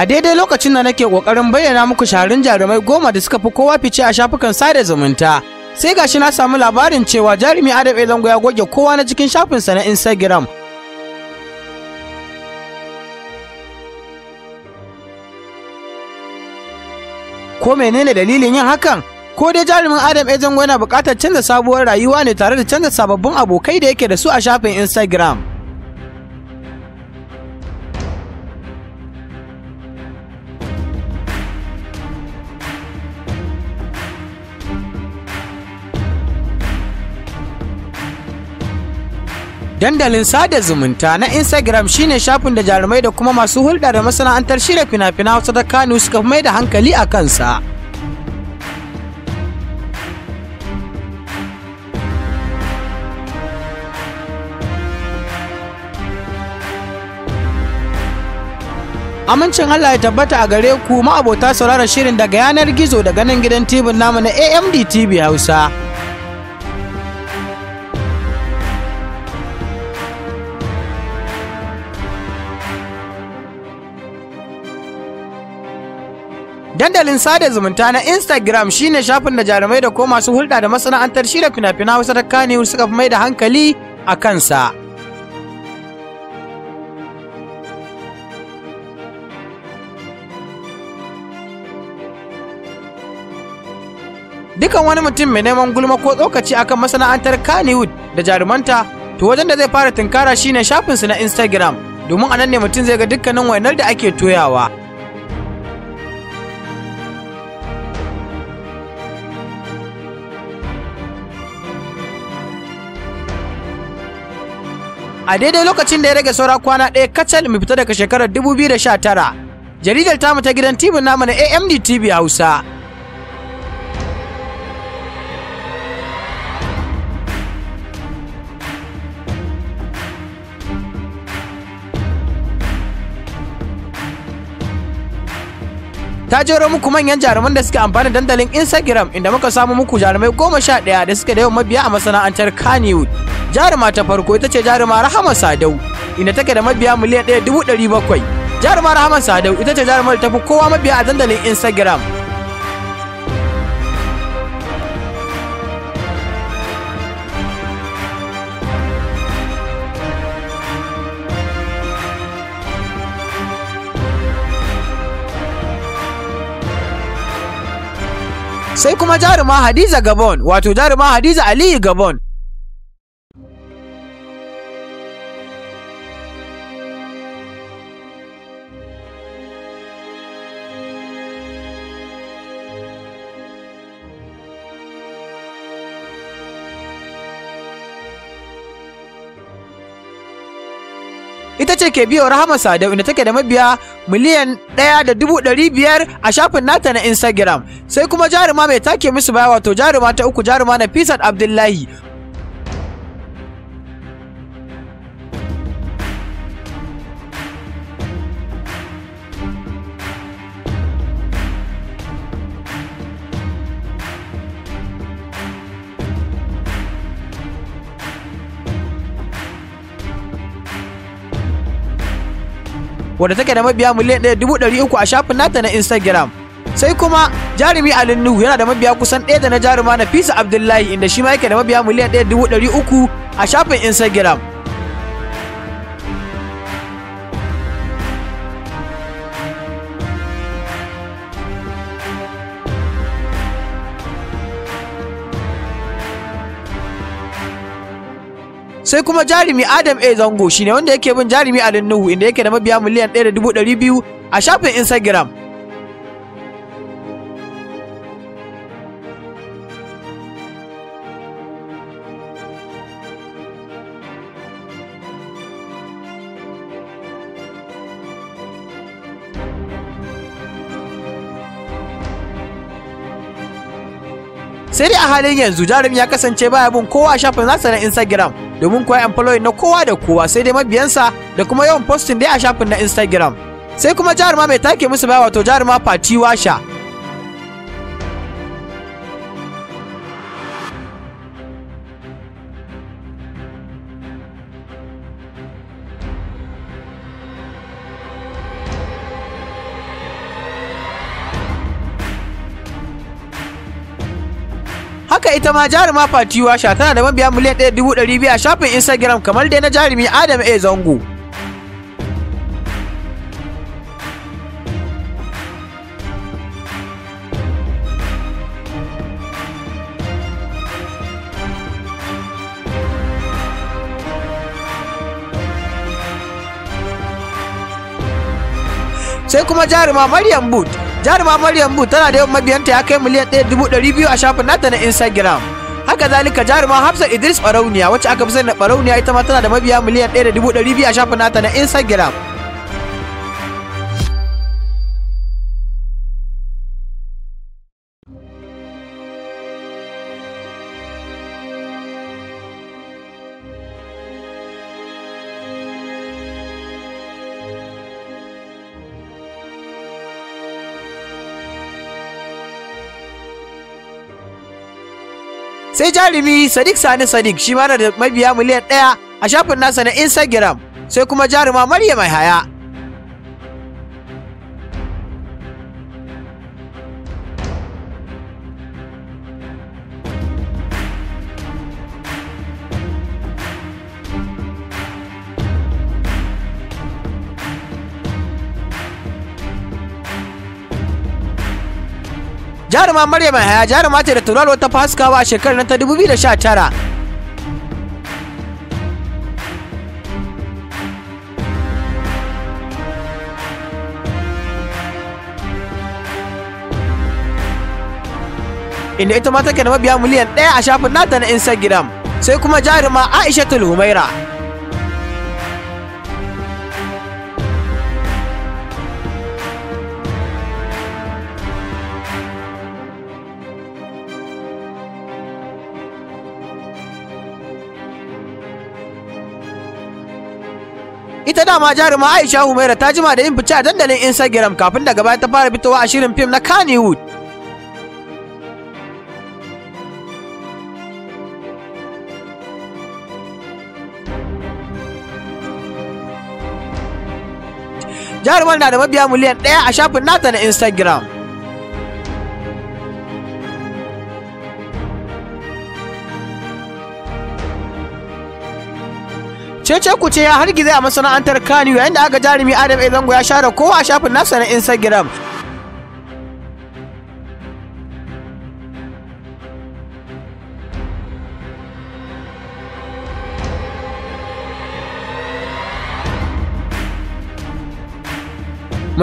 A daidai lokacin da nake kokarin bayyana muku sharin jarumai goma da suka fi kowa fice a shafukan sada zumunta. Sai gashi na samu labarin cewa jarumi Adam Elango ya goge kowa na cikin shafinsa na Instagram. Ko menene dalilin yin hakan? Ko dai jarumin Adam ezango yana bukatar canza sabuwar rayuwa ne tare da canza sababbin abokai da yake da su a shafin Instagram. Dandalin sada zumunta na Instagram shine shafin da jarumai da kuma masu hulɗa da masana'antar shirya fina-fina wasu da Kano suka mai da hankali a kansa. Amincin Allah ya tabbata a gare ku ma'abota sauraron shirin daga yanar gizo daga nan gidan TV namu na AMD TV Hausa. Dandalin sada zumunta na Instagram shine shafin da jarumai da ko masu hulɗa da masana'antar da fina-fina wasu ta suka fi mai da hankali a kansa. Dukan wani mutum mai neman gulma ko tsokaci akan masana'antar Kannywood da jarumanta, to wajen da zai fara tunkara shine shafinsu na Instagram, domin a nan ne mutum zai ga dukkanin wainar da ake toyawa. a daidai lokacin da ya rage saura kwana ɗaya kacal mu fita daga shekarar 2019 jaridar tamu ta gidan tv namu na amd tv hausa ta jero muku manyan jaruman da suka amfani dandalin Instagram inda muka samu muku jarumai goma sha daya da suke da yawan mabiya a masana'antar Kannywood. Jaruma ta farko ita ce jaruma Rahama Sadau inda take da mabiya miliyan ɗaya dubu ɗari bakwai. Jaruma Rahama Sadau ita ce jarumar da ta fi kowa mabiya a dandalin Instagram sai kuma jaruma hadiza gabon wato jaruma hadiza aliyu gabon ita ce ke biyo Rahama Sadau inda take da mabiya miliyan ɗaya da dubu ɗari biyar a shafin nata na Instagram. Sai kuma jaruma mai take musu baya wato jaruma ta uku jaruma na Fisat Abdullahi wadda take da mabiya miliyan ɗaya dubu ɗari uku a shafin nata na Instagram. Sai kuma jarumi Ali Nuhu yana da mabiya kusan ɗaya da na jaruma fisa Abdullahi inda shi ma yake da mabiya miliyan ɗaya dubu ɗari uku a shafin Instagram. sai kuma jarumi adam a zango shine wanda yake bin jarumi alin nuhu inda yake da mabiya miliyan ɗaya da dubu a shafin instagram sai dai a halin yanzu jarumi ya kasance baya bin kowa a shafin nasa na instagram domin kuwa yan following na kowa da kowa sai dai mabiyansa da kuma yawan posting dai a shafin na Instagram. Sai kuma jaruma mai take musu baya wato jaruma Fati Washa Haka ita ma jaruma Fatiwa Sha tana da mabiya miliyan 1,200 a shafin Instagram kamar dai na jarumi Adam A Zango. sai kuma jaruma Maryam Boot jaruma maryam mu tana da yawan mabiyanta ya kai miliyan 1,200 a shafin nata na instagram haka zalika jaruma hafsa idris barauniya wacce aka fi sani da barauniya ita ma tana da mabiya miliyan 1,200 a shafin nata na instagram sai jarumi sadiq sani sadiq shi ma da mabiya miliyan ɗaya a shafin nasa na instagram sai kuma jaruma maryam haya jaruma maryam haya jaruma ce da tauraro ta faskawa a shekarar ta 2019 inda ita ma take da mabiya miliyan ɗaya a shafin nata na instagram sai kuma jaruma aisha Tulhumaira ita dama jaruma Aisha Humaira ta jima da yin fice a dandalin Instagram kafin daga baya ta fara fitowa a shirin fim na Kannywood. Jarumar na da mabiya miliyan ɗaya a shafin nata na Instagram. cece ku ce ya hargize a masana'antar kano yayin da aka jarumi adam a zango ya share kowa a shafin nasa na instagram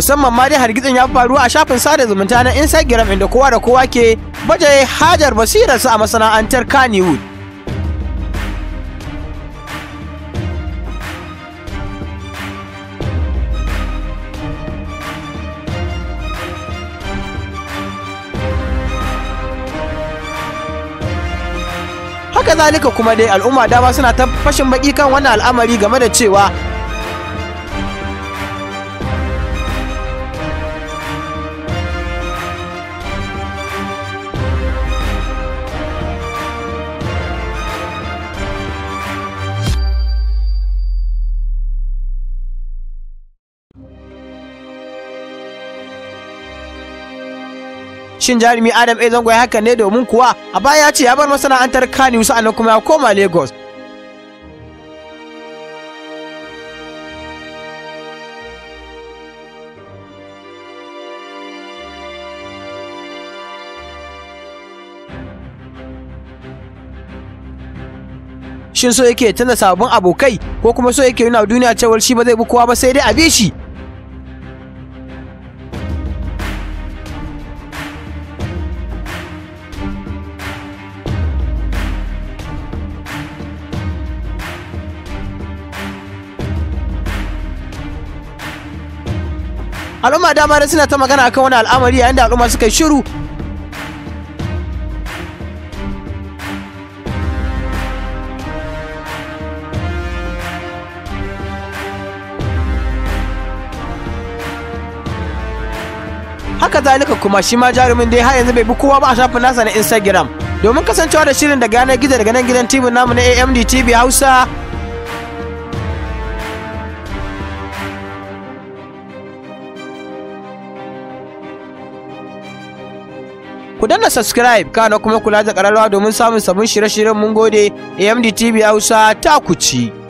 musamman ma dai hargitsin ya faru a shafin sada zumunta na instagram inda kowa da kowa ke baje hajar basirarsa a masana'antar kannywood haka kuma dai al'umma dama suna ta fashin baki kan wannan al'amari game da cewa Shin jarumi Adam A zango ya haka ne domin kuwa a baya ya ce ya bar masana'antar Kano sa'annan kuma ya koma Lagos. Shin so yake tana sabon abokai ko kuma so yake nuna duniya cewar shi ba zai bi kowa ba sai dai a bi shi. al'umma dama da suna ta magana akan wani al'amari yayin da al'umma suka shiru haka zalika kuma shi ma jarumin dai har yanzu bai bi kowa ba a shafin nasa na instagram domin kasancewa da shirin daga yanar gizo daga nan gidan tv namu na amd tv hausa ku danna subscribe kana kuma kula da ƙararrawa domin samun sabon shirye-shiryen mun gode amd tv hausa ta ku ci